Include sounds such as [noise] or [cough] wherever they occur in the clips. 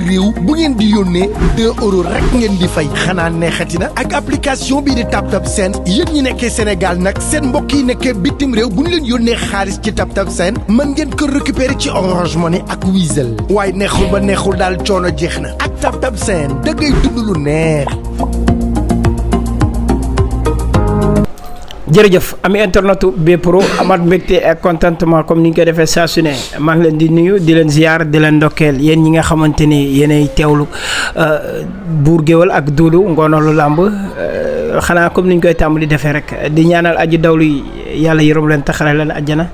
biir réew bu ngeen di yónnee 2 euros rek ngeen di fay xanaa neexati na ak application bii di TapTap Send yéen ñi nekkee senegal nag seen mbokk yi nekkee bitim réew bu ñu leen yónnee xaalis ci TapTap Send man ngeen kër récupérer ci Orange ni ak Wizall waaye neexul ba neexul daal coono jeex na ak TapTap Send da ngay dund lu neex. jërëjëf ami internetu B Pro amaat mbégte ak contentement comme ni ñu koy defee saa su ne leen di nuyu di leen ziar di leen ndokkeel yéen ñi nga xamante ni yéenay teewlu euh, buur géwal ak duudu ngoonalu làmb euh, xanaa comme ni ñu koy tàmbali defee rek di ñaanal aji dawlu yi yàlla yërëm leen taxare leen àjjana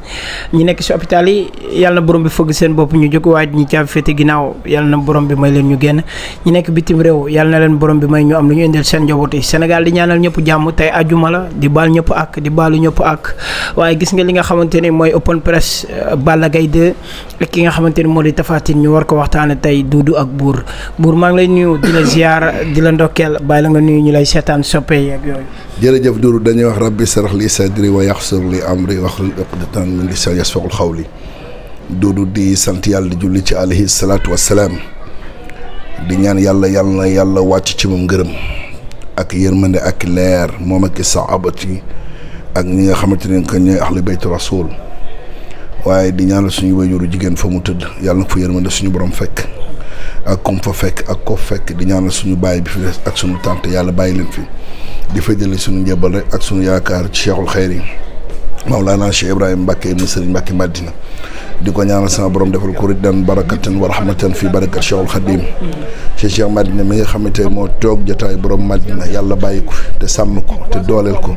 ñi nekk si hôpital yi yàlla na borom bi fëgg seen bopp ñu jóg waaye ñi caabi féete ginnaaw yàlla na borom bi may leen ñu génn ñi nekk bitim réew yàlla na leen borom bi may ñu am lu ñu indil seen njaboot yi Sénégal di ñaanal ñëpp jàmm tey ajjuma la di baal ñëpp ak di baalu ñëpp ak waaye gis nga li nga xamante ni mooy open press euh, Balla Gaye 2 ak ki nga xamante ni moo di Tapha Tine ñu war ko waxtaane tey Doudou ak Bour Bour maa ngi lay nuyu di di la ndokkeel bàyyi la nga nuyu ñu lay seetaan soppe yeeg yooyu jërëjëf Dourou dañuy wax rabbi sarax li sadri wa yaxsur li amri waxlul uqdatan min lisaani yasfaqul xawli Dourou di sant yàlla di julli ci alayhi salaatu wassalaam di ñaan yàlla yàlla na yàlla wàcc ci moom ngërëm ak yërmande ak leer moom ak i saxaabat yi ak ñi nga xamante ne que ñooy ahlu baytu rasul waaye di ñaanal suñu wajuru jigéen fa mu tëdd yàlla na ko fa yërmande suñu borom fekk. ak kom fa fekk ak ko fekk di ñaanal suñu baay bi fi des ak suñu tante yàlla bàyyi leen fii di fëjale suñu njëbal rek ak suñu yaakaar ci yi moom laa Cheikh Ibrahima Mbacke ibn Serigne Mbacke Madina di ko ñaanal sama borom defal ko riddan barakatan wa rahmatan fi barakat Cheikhul Khadim Cheikh Cheikh Madina mi nga xamante ne moo toog jotaay borom Madina yàlla bàyyi ko fi te sàmm ko te dooleel ko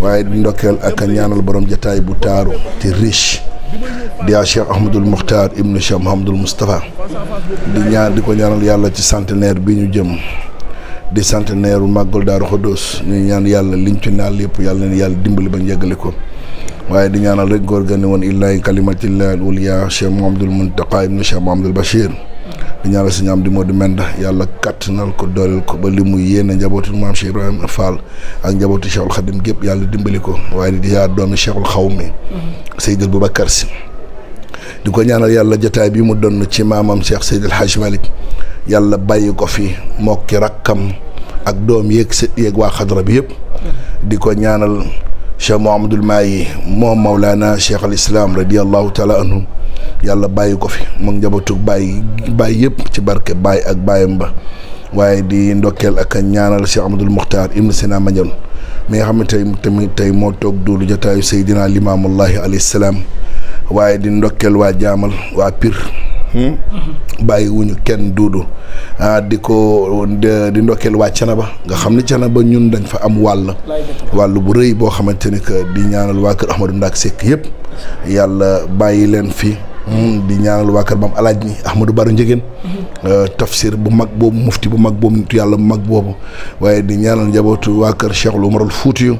waaye di ndokkeel ak ñaanal borom jotaay bu taaru te riche di yaa Cheikh Ahmadul Muxtaar ibnu Cheikh Mahamadul Moustapha di ñaan di ko ñaanal yàlla ci centenaire bi ñu jëm di centenaire u màggal Daaru Xuddoos ñu ñaan yàlla liñ ci naal yépp yàlla neen yàlla dimbali ba yeggale ko waaye di ñaanal rek góor gën ne woon illaahi kalimatillahi al ulya Cheikh Mahamadul Muntaqa ibnu Cheikh Mahamadul Bachir di ñaanal si ñaam di moo di menda yàlla kàttanal ko dooleel ko ba li mu yéene njabootu maam Cheikh Ibrahima Fall ak njabootu Cheikhul Khadim gépp yàlla dimbali ko waaye di yaa doomi Cheikhul Xawmi Seydil Boubacar si di ko ñaanal yàlla jotaay bi mu doon ci maamam Cheikh Seydil Hadj Malick yàlla bàyyi ko fi mokki rakkam ak doom yeeg sët yeeg waa xadra bi yëpp di ko ñaanal cheikh Mouhamadul Mahi moom Mawlana cheikh al radiallahu taala anhu yàlla bàyyi ko fi mu njabootug bàyyi bàyyi yëpp ci barke bàyyi ak bàyyam ba waaye di ndokkeel ak ñaanal cheikh Ahmadul Muxtaar ibn Sina Madione mi nga xam ne tamit tey moo toog duulu jotaayu Seydina Limaamullahi alayhi salaam waaye di ndokkeel waa jaamal waa Pire. Hmm? bàyyi wuñu kenn duudu ah, di ko di ndokkeel waa ba nga xam ne ba ñun dañ fa am wàll wàll bu rëy boo xamante ni que di ñaanal waa kër Ahmadou Ndak Seck yëpp yàlla bàyyi leen fi Hmm, di ñaanal waa kër maam alaaj ni ahmadou baru njegéen mhm. euh, tafsir bu mag boobu mufti bu mag boobu nitu yàlla bu mag boobu waaye di ñaanal njabootu waa kër cheikhul umarul fuutiyu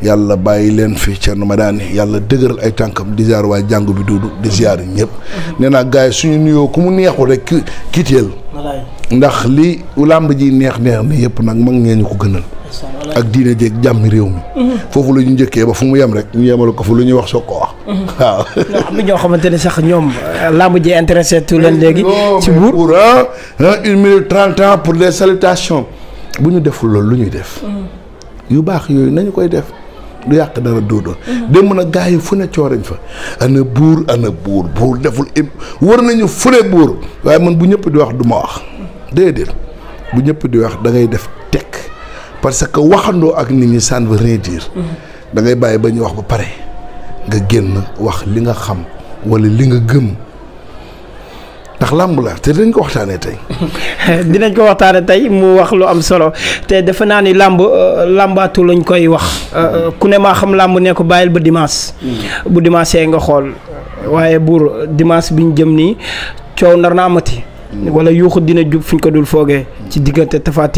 yàlla bàyyi leen fi ma Madani yàlla dëgëral ay tànkam di ziar waa jàngu bi duudu di ziar ñëpp mhm. nee naa gars yi suñu nuyoo ku mu neexul rek kiiteel ndax li làmb ji neex neex ni yëpp nag mag ñee ñu ko gënal ak diine jéeg jàmmi réew mi mhm. foofu la ñu njëkkee ba fu mu yem rek ñu ko lu ñuy wax soo waaw. am na ñoo xamante ni sax ñoom euh, làmb ji intéressé tu leen léegi. ci buur pour une minute trente ans pour les salutations bu ñu deful loolu lu ñuy def. Mm-hmm. yu baax yooyu nañu koy def. lu yàq dara dóodóor. dem na gaa yi fu ne coorañ fa. ana buur ana buur buur deful war nañu fure buur waaye man bu ñëpp di wax du ma wax. Mm-hmm. déedéet bu ñëpp di wax da ngay def tekk parce que waxandoo ak nit ñi ça ne veut rien mm-hmm. da ngay bàyyi ba ñu wax ba pare. nga génn wax li nga xam wala li nga gëm ndax làmb la te dinañ ko waxtaanee tey. [laughs] dinañ ko waxtaanee tey mu wax lu am solo te defe naa ni làmb euh, làmbaatu lañ koy wax euh, euh, ku ne maa xam làmb ne ko bàyyil ba dimanche. Mm. bu dimanche nga xool waaye buur dimanche bi ñu jëm ni coow nar naa amati. Mm. wala yuuxu dina jub fuñ ko dul foogee. ci diggante Tapha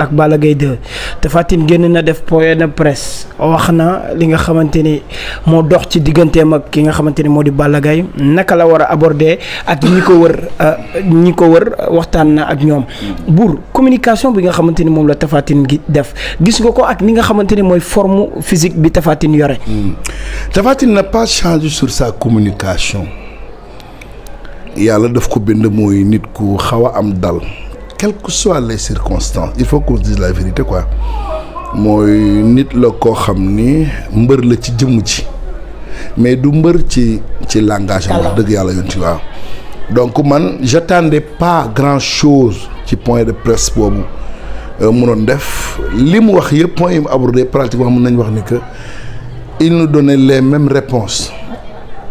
ak Balla Gaye 2 Tapha Tine génn na def point de presse wax na li nga xamante ni moo dox ci digganteem ak ki nga xamante ni moo di Balla Gaye naka la war a aborder ak ñi ko wër euh, ñi ko wër waxtaan na ak ñoom buur communication bi nga xamante ni moom la Tapha gi def gis nga ko ak ni nga xamante ni mooy forme physique bi Tapha yore. Hmm. Tapha n'a pas change sur sa communication. yàlla daf ko bind mooy nit ku xaw a am dal. quelque que soient les circonstances il faut qu'on dise la vérité quoi mooy nit la koo xam ni mbër la ci jëmm ci mais du mbër ci ci langage wax dëgg yàlla yoon ci waaw donc man j'attendais pas grand chose ci point de presse boobu euh, munoon def li mu wax yëpp point yi mu abordé pratiquement mun nañu wax ni que il nous donnait les mêmes réponses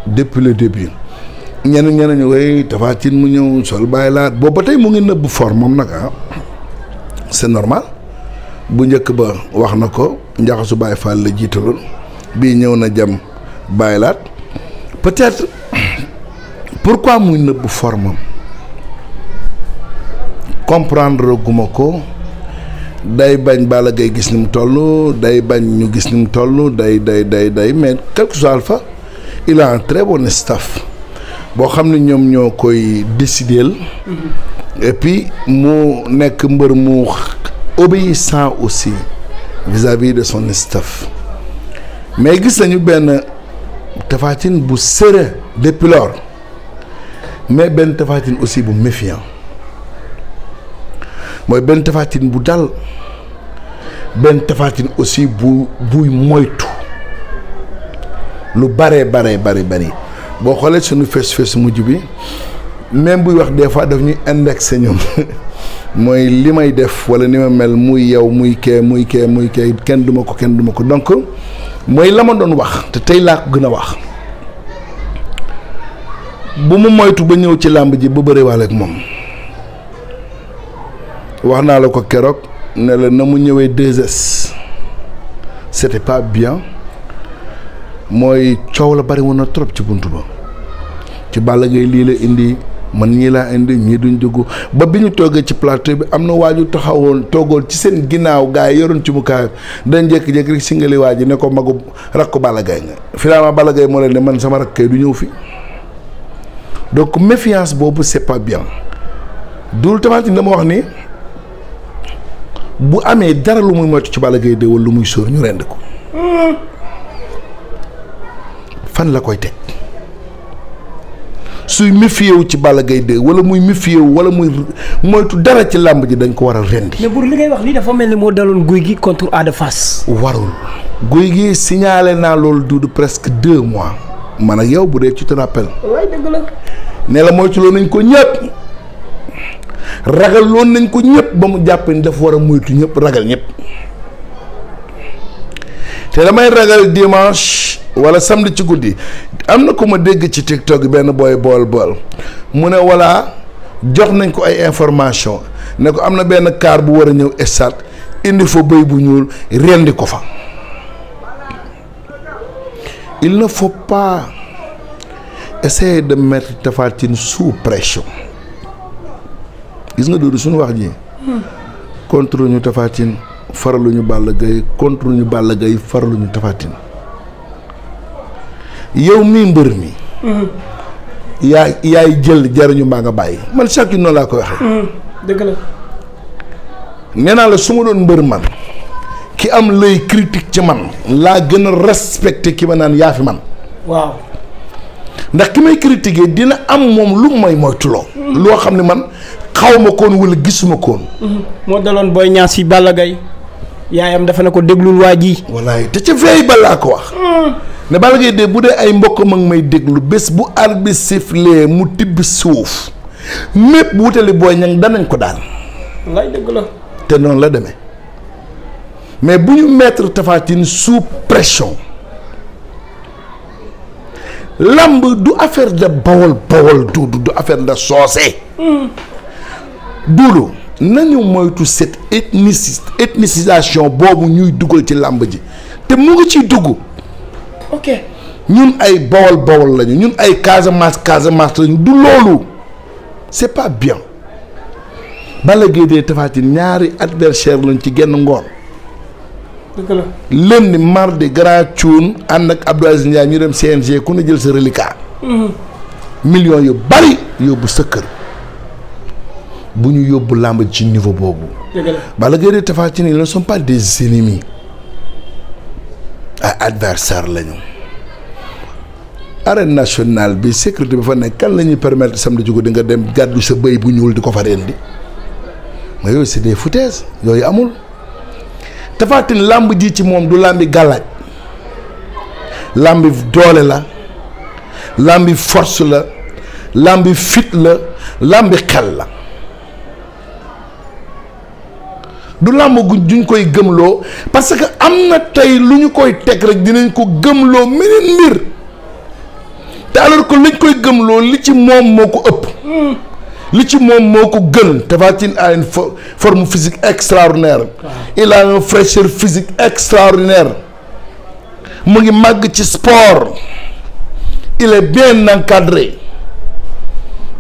depuis le début ñenn ñenn ñu koy Tapha Tine mu ñëw sol bàyyi laat boobu tey mu ngi nëbb forme moom nag ah c'est normal bu njëkk ba wax na ko njaxasu Baye Fall la jiitaloon bii ñëw na jam bàyyi laat peut-être [coughs] pourquoi mu nëbb formam comprendre guma ko day bañ Balla Gaye gis ni mu toll day bañ ñu gis ni mu toll day day day day mais quelque soit fa il a un très staff boo xam ne ñoom ñoo koy décideel mm-hmm. et puis mu nekk mbër mu obéissant aussi vis-à-vis de son staff mais gis nañu benn Tapha bu sérieux de lors mais benn Tapha aussi bu méfiant mooy benn Tapha bu dal benn Tapha aussi bu buy moytu lu bare bare bare bari boo xoolee sunu fees fees mujj bi même buy wax des fois daf ñuy indexé ñun [laughs] mooy li may def wala ni ma mel muy yow muy kee muy kee muy kee kenn duma ko kenn duma ko donk mooy la ma doon wax te tey laa ko gën a wax bu mu moytu ba ñëw ci làmb ji ba bëriwaale ak moom wax naa la ko keroog ne la na mu ñëwee 2S c'était pas bien. mooy coow la bari woon na trop ci bunt ba ci Balla Gaye lii la indi man ñii laa indi ñii duñ dugg ba bi ñu toogee ci plateau bi am na waaju taxawoon toogoon ci seen ginnaaw gars yi yoroon ci mu kaay dañ jékki-jékki singali waa ji ne ko magu rakku Balla Gaye nga finalement Balla Gaye moo leen ne man sama rakk kay du ñëw fi donc méfiance boobu sepa pas bien dul tamit dama wax ni bu amee dara lu muy moytu ci Balla Gaye de lu muy sóor ñu rend ko fan la koy teg suy méfié wu ci Balla Gaye 2 wala muy méfié wu wala muy moytu dara ci làmb ji dañ ko war a rendi. mais li ngay wax nii dafa mel ni moo daloon guy gi contre Ada Fass. warul guy gi signalé naa loolu du presque deux mois man ak yow bu dee ci te rappel. waay dëgg la. ne la nañ ko ñëpp ragaloon nañ ko ñëpp ba mu jàpp ni dafa war a moytu ñëpp ragal ñëpp. te damay ragal dimanche wala samedi ci guddi am na ku ma dégg ci TikTok benn booy bool bool mu ne wala jox nañ ko ay information ne ko am na benn kaar bu war a ñëw stade indi fa bëy bu ñuul rendi ko fa il ne faut pas essayer mettre Tapha sous pression gis nga Doudou suñu wax ji hmm. contre ñu Tapha faraluñu Balla Gaye contre ñu Balla Gaye faraluñu Tapha Tine yow mii mbër mi mm-hmm. yaa yaay jël jariñu mbaa nga bàyyi man chaque noonu laa ko waxee mm-hmm. nee naa la su ma doon mbër man ki am lay critique ci man laa gën a respecté ki ma naan yaa fi man waaw ndax ki may critiquer dina am moom lu may moytuloo mm-hmm. loo xam ne man xawma ma koon wala gisuma koon moo daloon booy ñaas yi Balla Gaye yaayam dafa na ko déglul ji. wallaay te ca veille ba laa ko wax. Hmm. ne Balla Gaye de bu dee ay mbokk mag may déglu bés bu arbitre sifflee mu tibb suuf mépp wutali booy ñang danañ ko daan. te noonu la deme mais bu ñu mettre Tapha Tine pression lamb du affaire de bawol bawol du du affaire de soose. Hmm. duulu. nañu moytu cette ethnici ethnicisation boobu ñuy dugal ci làmb ji te mu ngi ciy dugg. ok ñun ay bawol bawol lañu ñun ay Casamance Casamance lañu du loolu c'est pas bien. Balla Gaye dee Tapha ñaari adversaire lañ ci genn ngoon. dëgg la lundi mardi grand Thioune ànd ak Abdou Aziz ñu dem CNG ku ne jël sa reliquat. Mhm. millions yu bari yóbbu sa bu ñu yóbbu làmb ci niveau boobu. bala Gaye de Tapha Tine ne sont pas des ennemis ay adversaires lañu. arène nationale bi sécurité bi fa nekk kan la ñuy permettre samedi jugu di nga dem gàddu sa bëy bu ñuul di ko fa rendi mais yooyu c'est des foutaises yooyu amul Tapha làmb ji ci moom du làmbi gàllaaj làmbi doole la làmbi force la làmbi fit la làmbi xel la du làmb gu duñ koy gëmloo parce que am na tey lu ñu koy teg rek dinañ ko gëmloo meneen mbir te alors que luñ koy gëmloo li ci moom moo ko ëpp li ci moom moo ko gën Tapha Tine a une forme physique extraordinaire il a une fraîcheur physique extraordinaire mu ngi màgg ci sport il est bien encadré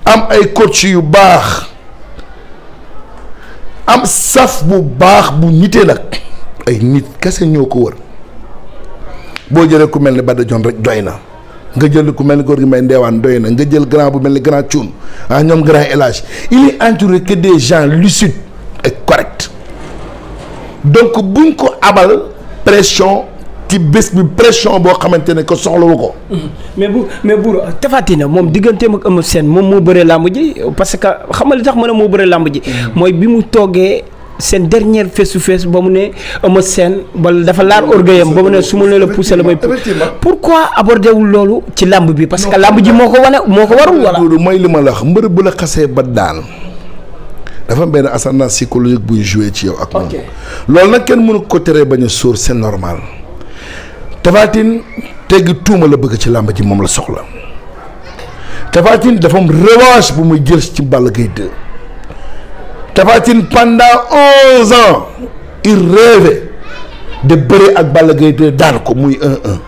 am ay coach yu baax am saf bu baax bu nitee nag ay nit kese ñoo ko wër boo jëlee ku mel ni Bada Dione rek doy na nga jël ku mel ni góor gi may ndeewaan doy na nga jël grand bu mel ni grand Thioune ah ñoom grand élage il est entouré que des gens lucides et corrects donc buñ ko abal pression ci bés bi pression boo xamante ne que soxlawu ko. mais bu mais Bour Tapha Tine moom digganteem ak Eumeu Sène moom moo bëree làmb ji parce que xamal nga li tax ma ne moo bëree làmb ji. Mm. mooy bi mu toogee. seen dernière face to ba mu ne Eumeu Sène ba dafa laar mm. orgueilam ba mu ne su ma nee la poussé la may pourquoi abordé wul loolu ci làmb bi parce que làmb ji moo ko wane moo ko warul wala may li ma la wax mbër bu la xasee ba daan dafa am benn ascendance psychologique buy ci yow ak moom loolu nag kenn mënu ko teree bañ a sóor c'est normal Tapha Tine tegg tuuma la bëgg ci làmb moom la soxla Tapha Tine dafa am revanche bu muy jël ci Balla Gaye 2 Tapha onze ans il rêvait de bëre ak Balla Gaye 2 daan ko muy un un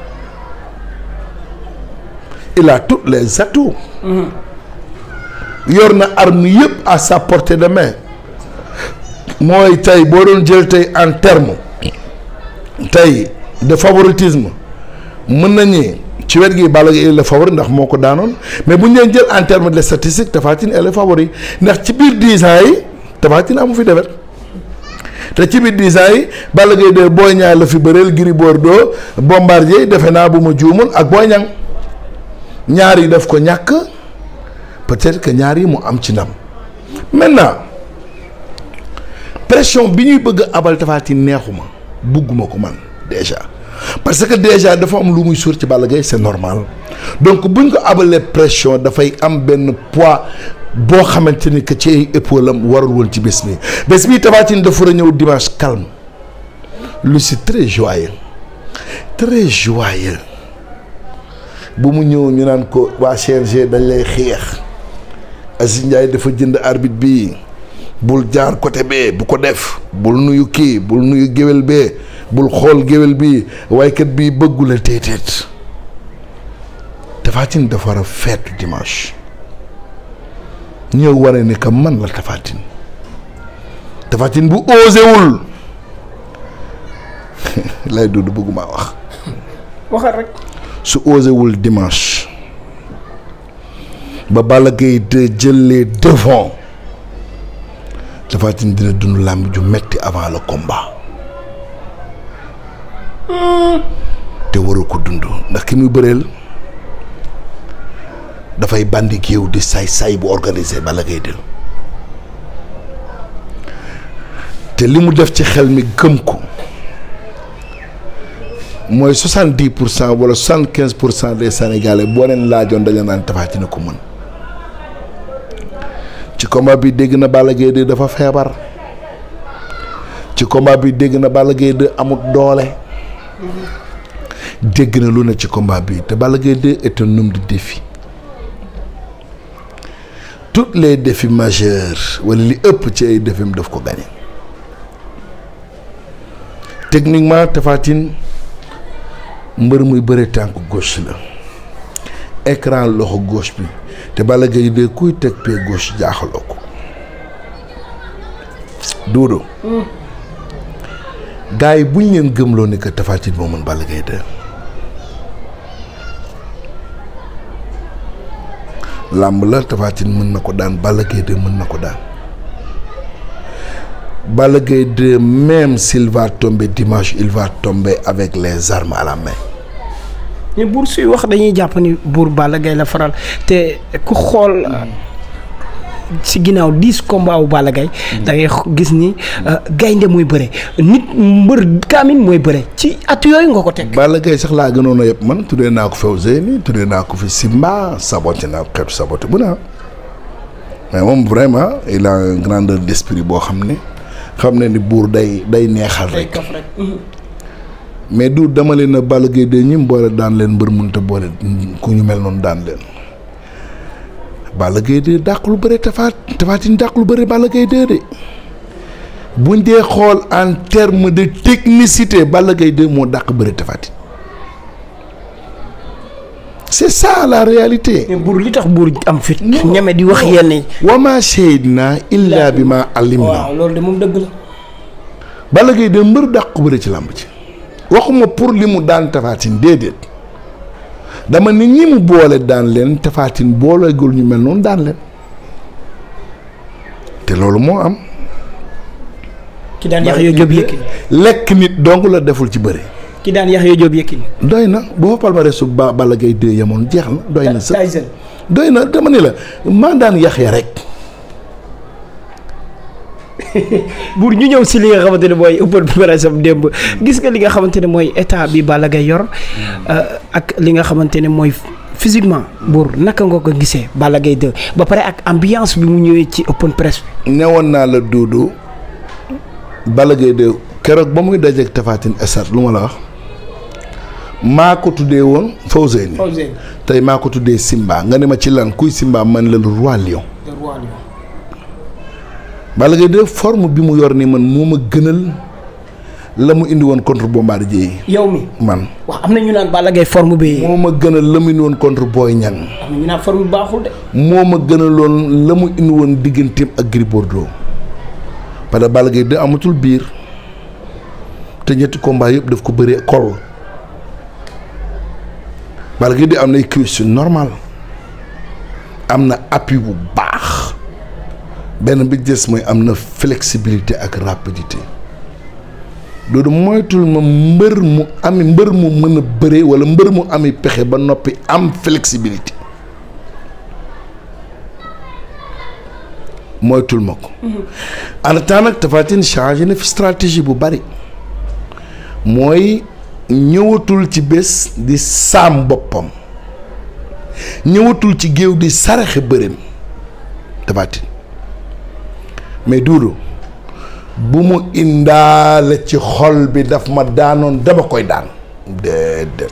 il a tous les atouts yor na arme yëpp à sa portée de main mooy tey boo doon jël tey en terme tey de favoritisme mën nañu ci wet gi Balla Gaye il est ndax moo ko daanoon mais bu ñu jël en terme de statistique Tapha Tine est le ndax ci biir dix ans yi Tapha Tine amu fi defet te ci biir dix ans yi Balla Gaye de Boy Niang la fi bëreel Gris Bordeaux Bombardier defe naa bu ma juumul ak Boy Niang ñaar ko ñàkk peut-être que ñaar mu am ci ndam maintenant pression bi ñuy bëgg abal Tapha neexuma bugguma ko man déjà parce que déjà dafa am lu muy suur ci Balla Gaye c'est normal donc buñ ko abalee pression dafay am benn poids boo xamante ni que ci ay épaule warul woon ci bés bi bés bi Tapha Tine war a ñëw dimanche calme lucide très joyeux très joyeux bu mu ñëw ñu naan ko waa CNG dañ lay xeex Aziz dafa jënd arbitre bii bul jaar côté bee bu ko def bul nuyu kii bul nuyu géwél bee bul xool géwél bi waykat bi bëggula téetéet Tapha Tine dafa war a feetu dimanche ñëw waree ne ka man la Tapha Tine bu osewul [laughs] lay dudd bëgguma wax su osewul dimanche ba Balla Gaye de jëlee devant dina dund làmb ju metti avant le combat te waru ko dund ndax ki mu bëreel dafay bandi géew di saay-saay bu organisé bala ngay te li mu def ci xel mi gëm ko mooy soixante dix pour cent wala soixante quinze pour cent des boo leen laajoon dañu naan Tapha Tine ko mën ci combat bi dégg na Balla Gaye dafa feebar ci combat bi dégg na Balla Gaye amut doole dégg na lu ne ci komba bi te Balla Gaye 2 est un homme de défi toutes les défis wala li ëpp ci ay défim daf ko gagné techniquement Tapha mbër muy bëre tànk gauche la écran loxo gauche bi te Balla Gaye 2 kuy teg pied gauche jaaxaloo ko duudu mm. gars yi buñ leen gëmloo ni que Tapha Tine mën Balla Gaye 2 làmb la Tapha mën na ko daan Balla Gaye 2 mën na ko daan Balla Gaye 2 même dimanche il va avec les armes à la main. ñu buur suy wax dañuy jàpp ni buur Balla Gaye la faral te ku xool. si ginnaaw dix combat wu Balla Gaye mm. da ngay gis ni euh, gaynde mooy bëre nit mbër kaamin mooy bëre ci at yooyu nga ko teg. Balla Gaye sax laa gënoon a yëpp man tuddee naa ko Fawzeyni tuddee naa ko fi Simba saboté naa ko xeetu saboté bu naa ah. mais moom vraiment il la une grandeur d'esprit boo xam ne xam ne ni buur day day neexal rek. mais du dama leen a Balla Gaye de ñi mboole daan leen mbër mënta boole ku ñu mel noonu daan leen. Balla Gaye 2 dàq lu bëre Tapha Tapha Tine dàq lu bëre Balla Gaye 2 de buñ dee xool en terme de technicité Balla Gaye 2 moo dàq bëre tafaati Tine c'est ça la réalité. mais buur li am fit ñeme di wax yenn yi. wa maa shahidnaa bi ma alimnaa. waaw moom dëgg la. Balla Gaye 2 mbër dàq bëre ci làmb ci waxuma pour li mu daan Tapha Tine déedéet. dama ne ñi mu boole daan leen Tapha Tine boolegul ñu mel noonu daan leen te loolu moo am. ki daan Yaxya Jóob Yékini lekk nit dong la deful ci bëri. ki daan Yaxya Jóob Yékini doy na bu fa palmarès su ba Balla Gaye 2 yemoon jeex na. doy na sax doy na dama ne la maa daan Yaxya rek. [laughs] buur ñu ñëw si li nga xamante ne mooy open press am démb gis nga li nga xamante ne mooy état bi Balla Gaye yor hmm. euh, ak li nga xamante ne mooy physiquement buur naka ngoo ko gisee Balla Gaye 2 ba pare ak ambiance bi mu ñëwee ci open press bi woon naa la du Balla Gaye 2 keroog ba muy dajeeg Tafatine Esat lu ma la wax maa ko tuddee woon Fawzeyni tey maa ko tuddee simbaa nga ne ma ci lan kuy Simba man la le roi lion Balla Gaye de forme bi mu yor nii man moo ma gënal la mu indi woon contre Bombardier yi. yow mi man wax am na ñu naan Balla forme bi. moo ma gënal la mu indi woon contre booy Niang. am na ñu naan forme bi baaxul de. moo ma gënaloon la mu indi woon digganteem ak Gris Bordeaux parce que Balla Gaye de amatul biir te ñetti combat yëpp daf ko bëri kol Balla Gaye de am na cuisse normal am na appui bu baax. benn bi des mooy am na flexibilité ak rapidité loolu moytul ma mbër mu ami mbër mu mën a walla mbër mu ami pexe ba noppi am flexibilité moytul ma ko. Mm-hmm. en temps nag Tapha Tine fi stratégie bu bari mooy ñëwatul ci bés di saam boppam ñëwatul ci géew di saraxe bëreem Tapha mais duudu bu mu indaale ci xol bi daf ma daanoon dama koy daan déedéet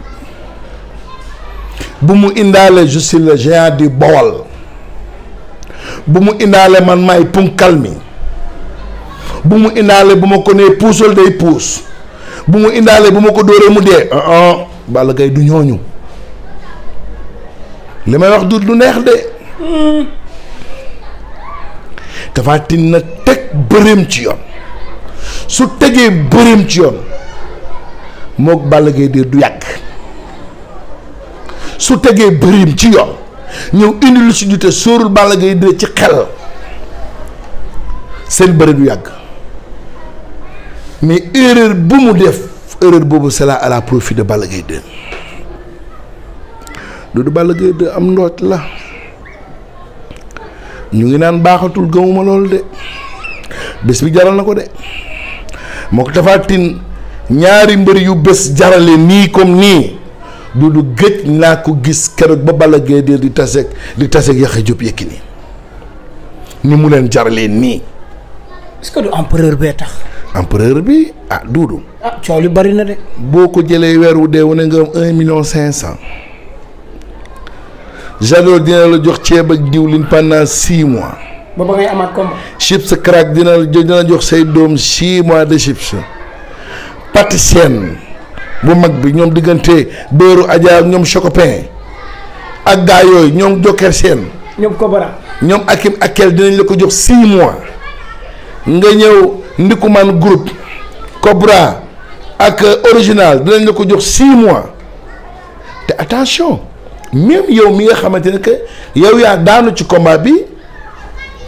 bu mu indaale je suis le géant du Bawol bu mu indaale man maay punkal mi bu mu indaale bu ma ko nee puusal day puus bu mu indaale bu ma ko dóoree mu dee ah, ah. Balla Gaye du ñooñu li may wax du lu neex de hmm. Tapha Tine na teg bëreem ci yoon su tegee bëreem ci yoon mook Balla Gaye de du yàgg su tegee bëreem ci yoon ñëw indi lu si jute sóorul Balla Gaye de ci xel seen bëre du yàgg mais erreur bu mu def erreur boobu c'est là profit de Balla Gaye de du Balla Gaye de am ndoot la ñu ngi naan baaxatul gëmuma loolu de bés bi jaral na ko de moo ko tafaatin ñaari mbër yu bés jarale nii comme nii du du gëj naa ko gis keroog ba bala Gaye de di taseeg di taseeg Yaxya Jóob Yékini ni mu leen jaralee nii est-ce que du empereur bee tax empereur bi ah duudu ah coow li bari na de boo ko jëlee weer wu dee wane nga am un million cinq cent Jador dina la jox ceeb ak diwlin pendant six mois. ba ba ngay amaat combat. chips crack dina la jox say doom six mois de chips. seen bu mag bi ñoom diggante beeru Adja ñoom Chocopin ak gaa yooyu ñoom Joker seen. ñoom Kobara. ñoom Akim Akel dinañ la ko jox six mois nga ñëw Ndikuman groupe Cobra ak original dinañ la ko jox six mois te attention. même yow mi nga xamante ne que yow yaa daanu ci komba bi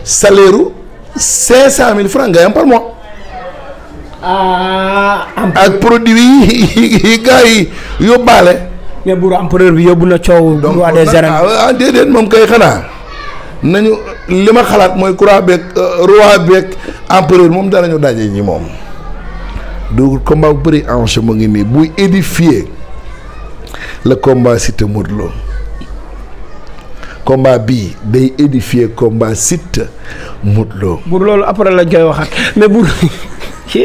salaire u cinq cent mille francs ngay ah, am ak produit yi gars yi yóbbaale. mais buuru empereur bi yóbbu na coow. roi des ah, ah, déedéet moom kay xanaa nañu li ma xalaat mooy croix beeg euh, roi beeg empereur moom danañu daje ñi moom. du combat bu bëri enjeu mu ngi nii buy édifier le combat Siteu Modou Lo combat bii day édifier combat Siteu Modou Lô. Buur loolu après lañ koy waxaat mais buur [laughs]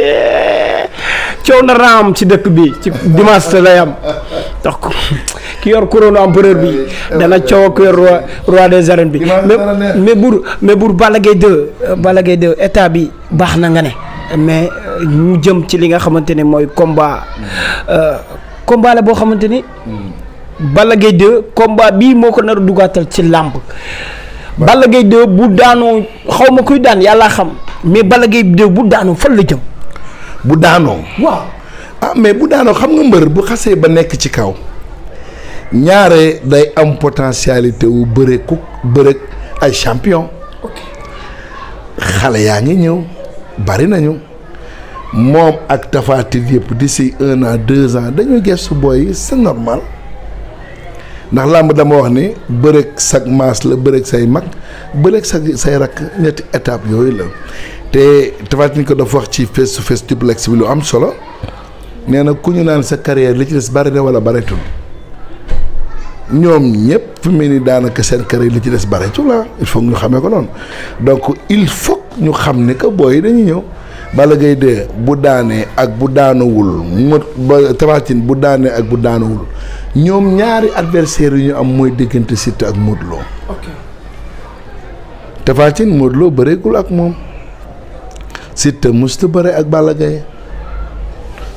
coow na raam ci dëkk bi ci dimanche lay am ndax [laughs] ki yor couronne empereur bi dana coow ak yor roi roi des arènes bi mais mais buur mais buur Balla Gaye 2 Balla Gaye bi baax na nga ne mais euh, ñu jëm ci li nga xamante ne mooy combat euh, combat boo xamante ni. Hmm. Balla Gaye 2 combat bii moo ko nar a dugaatal ci làmb Balla Gaye 2 bu daanoo xaw ma kuy daan yàlla xam mais Balla Gaye bu daanoo fan la jëm. bu daanoo. waaw ah mais bu daanoo xam nga mbër bu xasee ba nekk ci kaw ñaare day am potentialité wu bëre ay champion. xale yaa ngi ñëw bari nañu moom ak tafaatil yëpp d'ici un an deux ans dañu gëstu booy c'est normal. ndax làmb dama wax ni bëreeg sag maas la bëreeg say mag bëreeg sag say rakk ñetti étape yooyu la te tafaat ko dafa wax ci face to face duplex bi lu am solo nee na ku ñu naan sa carrière li ci des bari wala bareetul ñoom ñëpp nii daanaka seen carrière li ci des bareetul la ah, il faut ñu xamee ko noonu donc il faut ñu xam ni que booy dañuy ñëw. Balla Gaye 2 bu daanee ak bu daanuwul mu ba Tapha bu daanee ak bu daanuwul ñoom ñaari adversaire yu ñu am mooy diggante Siteu ak Modou Lo. ok Tapha ak moom Siteu musta bëre ak Balla Gaye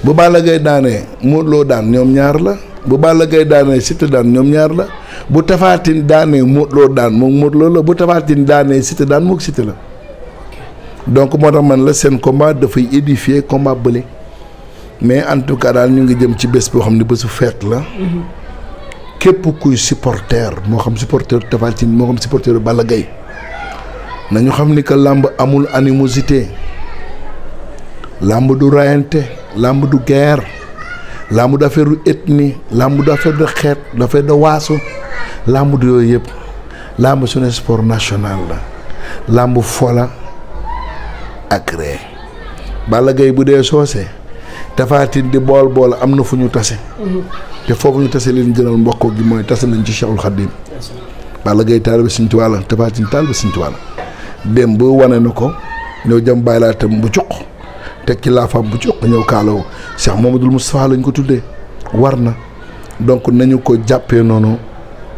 bu Balla Gaye daanee Modou Lo daan ñoom ñaar la bu Balla Gaye daanee Siteu daan ñoom ñaar la bu Tapha Tine daanee Modou daan moom Modou la bu Tapha daanee Siteu daan mook Siteu la donc moo tax man la seen combat dafay édifier combat bële. mais en tout cas daal ñu ngi jëm ci bés boo xam ne bésu feet la. képp kuy supporter moo xam supporter Tapha Tine moo xam supporter Balla Gaye nañu xam ni que làmb amul animosité làmb du rayante làmb du guerre làmb du affaire du làmb du affaire de xeet du affaire de waasu làmb du yooyu yëpp làmb suñu sport national la làmb fola ak ree Balla bu dee soose tafaatin di bool bool am na fu ñu tase mhm. te foofu ñu tase leen gënal mbokk gi mooy tase nañ ci Cheikhul Khadim Balla Gaye taalibe Sëriñ Tuubaa la tafaatin taalibe Sëriñ Tuubaa la dem bu wane na ko ñëw jëm bàyyi laa tam bu cuq teg ci laafaam bu cuq ñëw kaalaw Cheikh Mamadou Moustapha lañ ko tuddee war na donc nañu ko jàppee noonu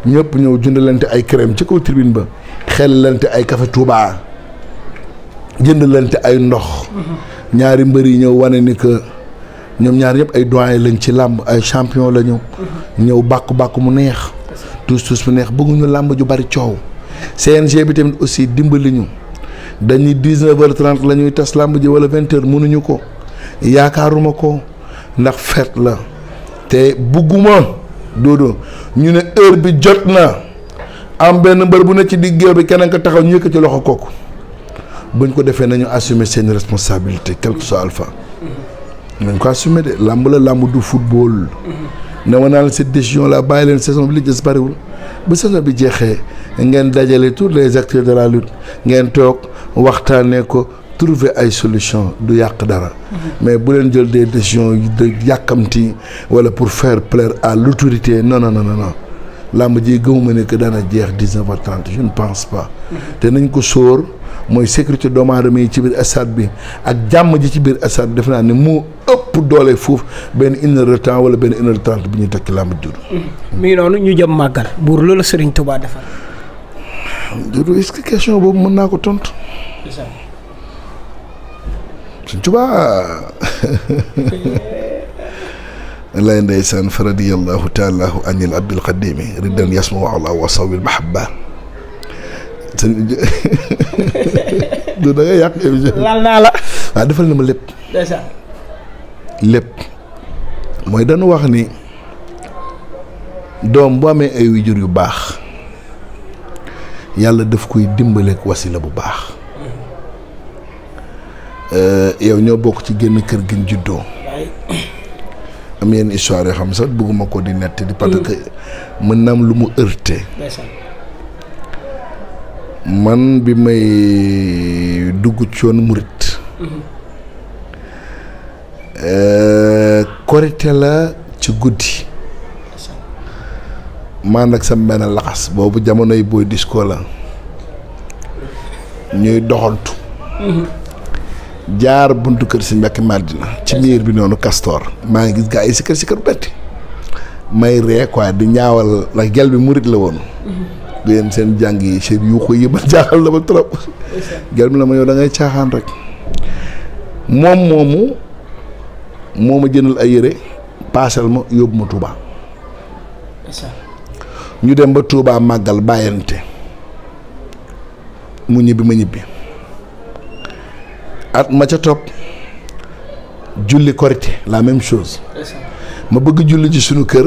ñëpp ñëw jënd jëndalante ay crème ci kaw tribune ba xelante ay café Touba jëndalante ay ndox mhm. ñaari mbër yi ñëw wane ni que ñoom ñaar ñëpp ay doyen lañ ci làmb ay champion la ñu. ñëw bàkku bàkku mu neex. tuus tuus mu neex bëgguñu làmb ju bari coow. CNG bi tamit aussi dimbali ñu dañuy dix-neuf heures la ñuy tas làmb ji wala vingt heures mënuñu ko yaakaaruma ko ndax fet la te bugguma doodo ñu ne heure bi jot na am benn mbër bu ne ci diggéew bi keneen ko taxaw ñu yëkkati ci loxo kooku buñ ko defee nañu assumer seen responsabilité quel que soit alpha nañ ko assumé de làmb la làmb du football. ne ma naan cette décision la bàyyi leen saison bi li des bariwul bu saison bi jeexee ngeen dajale tout les acteurs de la lutte ngeen toog waxtaanee ko trouver ay solution du yàq dara. mais bu leen jël des décisions de yàkkamti wala pour fair pleur à l'autorité non non non làmb ji gëmuma ne que dana jeex dix-neuf heures trente je ne pense te nañ ko sóor mooy sécurité doomu aadama yi ci biir stade bi ak jàmm ji ci biir stade bi def naa ne moo ëpp doole foofu benn une temps wala benn une heure bu ñu bi ñuy takk làmb jur. Mm-hmm. mi noonu ñu jëm màggal. buur loolu Serigne Touba defar. Doudou est boobu mën naa ko tontu. Serigne Touba. [laughs] lay ndeysaan fa radiyallahu taalaahu anil abdil qadimi riddan yasma wala wa sawil mahabba [laughs] du da nga yàq émission laal naa la defal na ma lépp lépp mooy dañu wax ni doom bu amee ay yu baax yàlla def koy dimbaleek wasila bu baax mm-hmm. euh, yow ñoo bokk ci génn kër gi ñu am yenn histoire yoo xam sax bëgguma ko di nett di parce mm. que mën na am lu mu heurté man bi may dugg ci yoon murit mm-hmm. euh, korite la ci guddi maan ak sa benn laxas boobu jamonoy booy disco la mm-hmm. ñuy doxantu mm-hmm. jaar buntu kër si Mbacke Madina ci miir bi noonu Castor. maa ngi gis gaa yi si kër si betti may ree quoi di ñaawal ndax gel bi murit la woon. Mm-hmm. di leen seen jàng yi chef yu ko [laughs] jaaxal la ba trop. gel bi la ma yow da ngay caaxaan rek. moom moomu moo ma jëndal ay yére paasal ma yóbbu ma Touba. ñu dem ba Touba màggal bàyyante mu ñibbi ma ñibbi. at ma ca topp julli korite la même chose ma bëgg julli ci sunu kër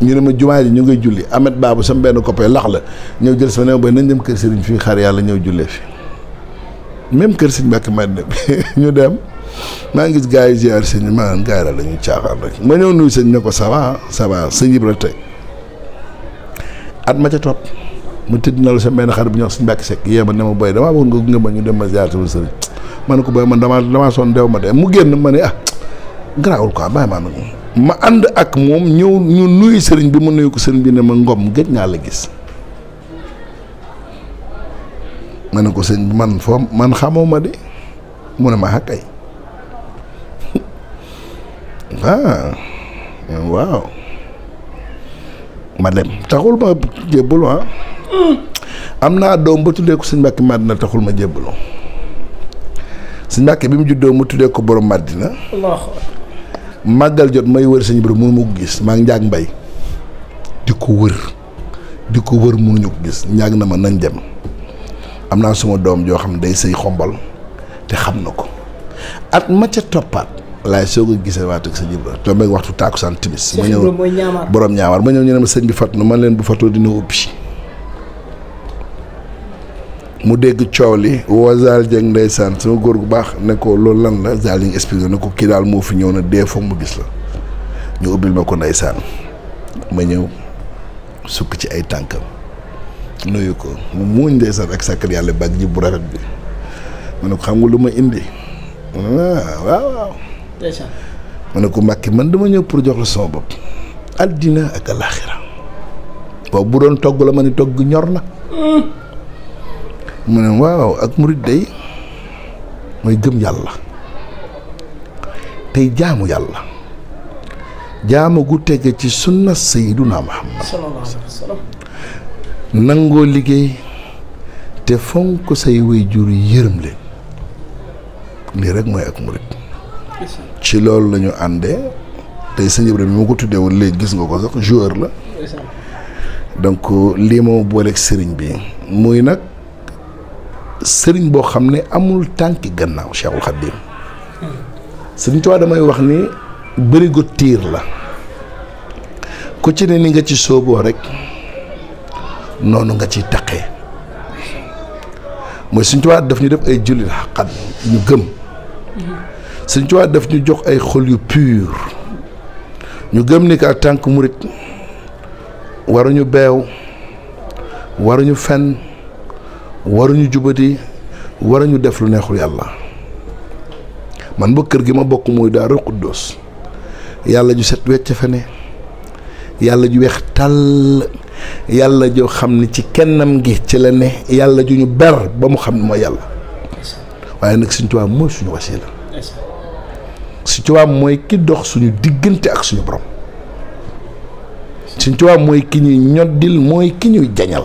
ñu ne ma jumaa ji ñu ngay julli amet baabu sam benn copain lax la ñëw jël sama ne ba kër sëriñ fii xaar yàlla ñëw jullee fi kër sëriñ Mbàkke Madina bi [laughs] ñu dem maa ngi gis yi ziar sëñ ma gars la rek ma ñëw nuyu sëñ ko ça va ça va sëñ Ibra tey at ma ca na xar bu ñuy wax sëñ Mbàkke Sekk yéema ne ma boy damaa ñu dem ma ziar sama sëriñ ma ne ko booy man damaa damaa sonn dew ma de mu génn ma ne ah garaawul quoi bàyyi maa nag ma ànd ak moom ñëw ñu nuyu sëriñ bi ma nuyu ko sëriñ bi ne ma ngom gëj naa la gis ma ne ko sëriñ bi man foo man xamoo ma di mu ne ma xàq ah, ay [laughs] ah waaw ma dem taxul ma jébbalu ah mm. am naa doom ba tuddee ko sëriñ Mbàkke Madina taxul ma jébbalu sëñ Mbàkke bi mu juddoo mu tuddee ko borom Madina màggal jot may wër sëñ bi mënuma mu gis maa ngi njaag mbay di ko wër di ko wër mënuñu ko gis njaag na ma nañ dem am naa suma doom joo xam ne day sëy xombal te xam na ko at ma ca toppaat laay soo ko gisee waat ak sëñ Ibra tombéeg waxtu taakusaan timis ma ñëw borom ñaamaar ma ñëw ñu ne ma sëñ bi fat na man leen bu fatoo dina ubbi mu dégg coow li woo Zal Dieng ndeysaan sama góor gu baax ne ko loolu lan la Zal Dieng expliqué ne ko kii daal moo fi ñëw na dee foog mu gis la ñu ubbil ma ko ndeysaan ma ñëw sukk ci ay tànkam nuyu ko mu muuñ ndeysaan ak sàkkar yàlla ba ji bu rafet bi ma ne ko xam nga lu ma indi mu ne ah, waaw waaw. ndeysaan ma ko Mbàkke man dama ñëw pour jox la sama bopp. addina ak alaaxira boobu bu doon togg la ma ni togg ñor na. Mm. mu ne waaw ak murit day mooy gëm yàlla tey jaamu yàlla jaamu gu tege ci sunna sayyiduna Muhammad nangoo liggéey te fonk say waajur yërëm leen lii rek mooy ak murit ci loolu lañu àndee tey sëñ Ibrahima bi ma ko tuddee woon gis nga ko sax joueur la donc lii moom booleeg sëriñ bi muy nag sëriñ boo xam ne amul tànki gannaaw Cheikhul Khadim sëriñ Tuubaa damay wax ni bërigo tiir la ku ci ne ni nga ci sooboo rek noonu nga ci taqee mooy sëriñ Tuubaa daf ñu def ay jullit xaqat ñu gëm sëriñ Tuubaa daf ñu jox ay xol yu pur ñu gëm ni ko tànk murit waruñu beew waruñu fenn waruñu jubati waruñu def lu neexul yàlla man ba kër gi ma bokk muy Daaru Xuddoos yàlla ju set wecc fa yàlla ju weex tàll yàlla joo xam ni ci kennam ngi ci la ne yàlla ju ñu ber ba mu xam ne mooy yàlla waaye nag Sëñ Tuubaa mooy suñu mooy ki dox suñu diggante ak suñu borom Sëñ Tuubaa mooy ki ñuy ñoddil mooy ki ñuy jañal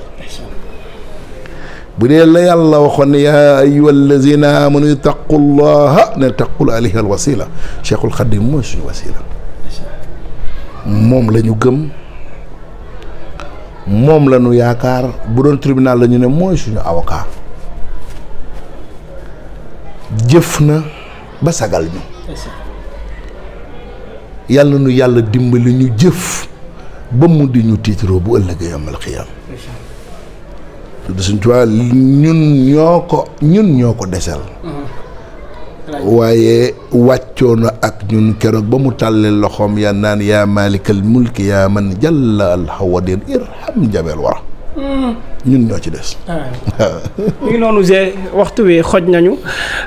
bu dee la yàlla waxoon ne yaa ayuha allazina amanu ittaqullaha ne taqul alayhi wasila cheikhul xadim mooy suñu wasila moom la gëm moom la ñu yaakaar bu doon tribunal la ñu ne mooy suñu avocat jëf na ba sagal ñu yàlla nu yàlla dimbali ñu jëf ba mu di ñu tiitaroo bu ëllëgee yomal xiyaam Sëñ Tuubaa ñun ñoo ko ñun ñoo ko desal waaye wàccoo na ak ñun keroog ba mu tàllee loxoom yaa naan yaa maalikal mulki yaa man jàll alxawadin irham jabel wara ñun ñoo ci des. ñu noonu Zé waxtu wi xoj nañu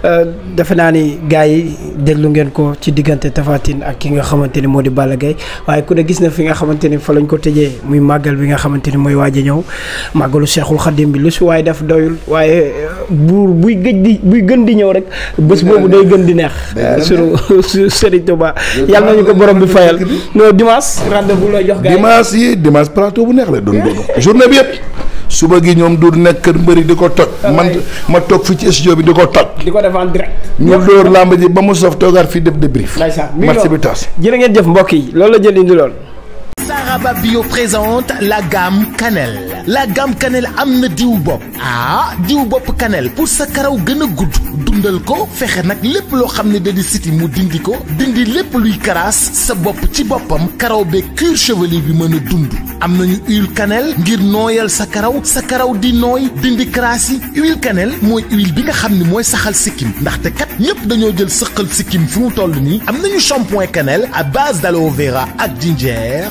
euh, defe naa ni gars yi déglu ngeen ko ci diggante Tapha ak ki nga xamante ni moo di Balla Gaye waaye ku ne gis na fi nga xamante ni fa lañ ko tëjee muy màggal bi nga xamante ni mooy waaj a ñëw màggalu Seexul Xadim bi lu si waaye def doyul waaye euh, buur buy gëj di buy gën di ñëw rek. bés boobu day gën di neex. sunu [laughs] Serigne Touba yàlla nañu ko borom bi fayal. non dimanche rendez-vous lay jox gaa yi. dimanche yi dimanche plateau bu neex la doon doon bi yëpp. suba gi ñoom du nekk kër mbëri di ko toj. Ah, man ma toog fi ci studio bi di ko toj. di ko def en direct. ñu dóor làmb ji ba mu saf toogaat fii def débrief. merci bi tas jërë ngeen jëf mbokk yi loolu la jël indi lool. Saba Bio présente la gamme cannelle la gamme cannelle am na diw bopp ah diw bopp cannelle pour sa karaw gën a gudd dundal ko fexe nag lépp loo xam ne da siti mu dindi ko dindi lépp luy karaas sa bopp ci boppam karaw be cuir chevelu bi mën a dund am nañu huile cannelle ngir nooyal sa karaw sa karaw di nooy dindi karaas yi huile cannelle mooy huile bi nga xam ne mooy saxal sikkim ndaxte kat ñëpp dañoo jël sëqal sikkim fu mu toll nii am nañu shampoing cannelle à base d'aloe vera ak ginger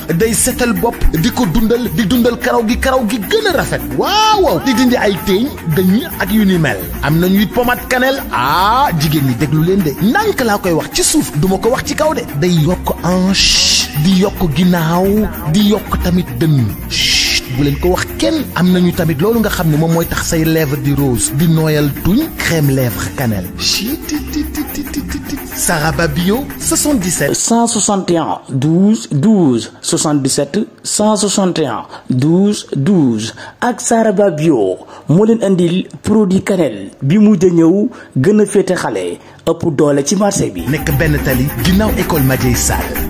tel bopp di ko dundal di dundal karaw gi karaw gi gën a rafet waaw waaw di dindi ay teeñ dañ ak yu ni mel am nañu it pomade cannelle ah jigéen ñi déglu leen de ndànk laa koy wax ci suuf duma ko wax ci kaw de day yokk hanche di yokk ginnaaw di yokk tamit dënn bu leen ko wax kenn am nañu tamit loolu nga xam ne moom mooy tax say lèvre di rose di nooyal tuñ xem lèvre cannelle Sara Babio 77. 161 12 12 77 161 12 12 ak Sara Babio moo leen indi produit cannelle bi mujj a ñëw gën a féete xale ëpp doole ci marché bi. nekk benn tali ginnaaw école Madiaye Sall.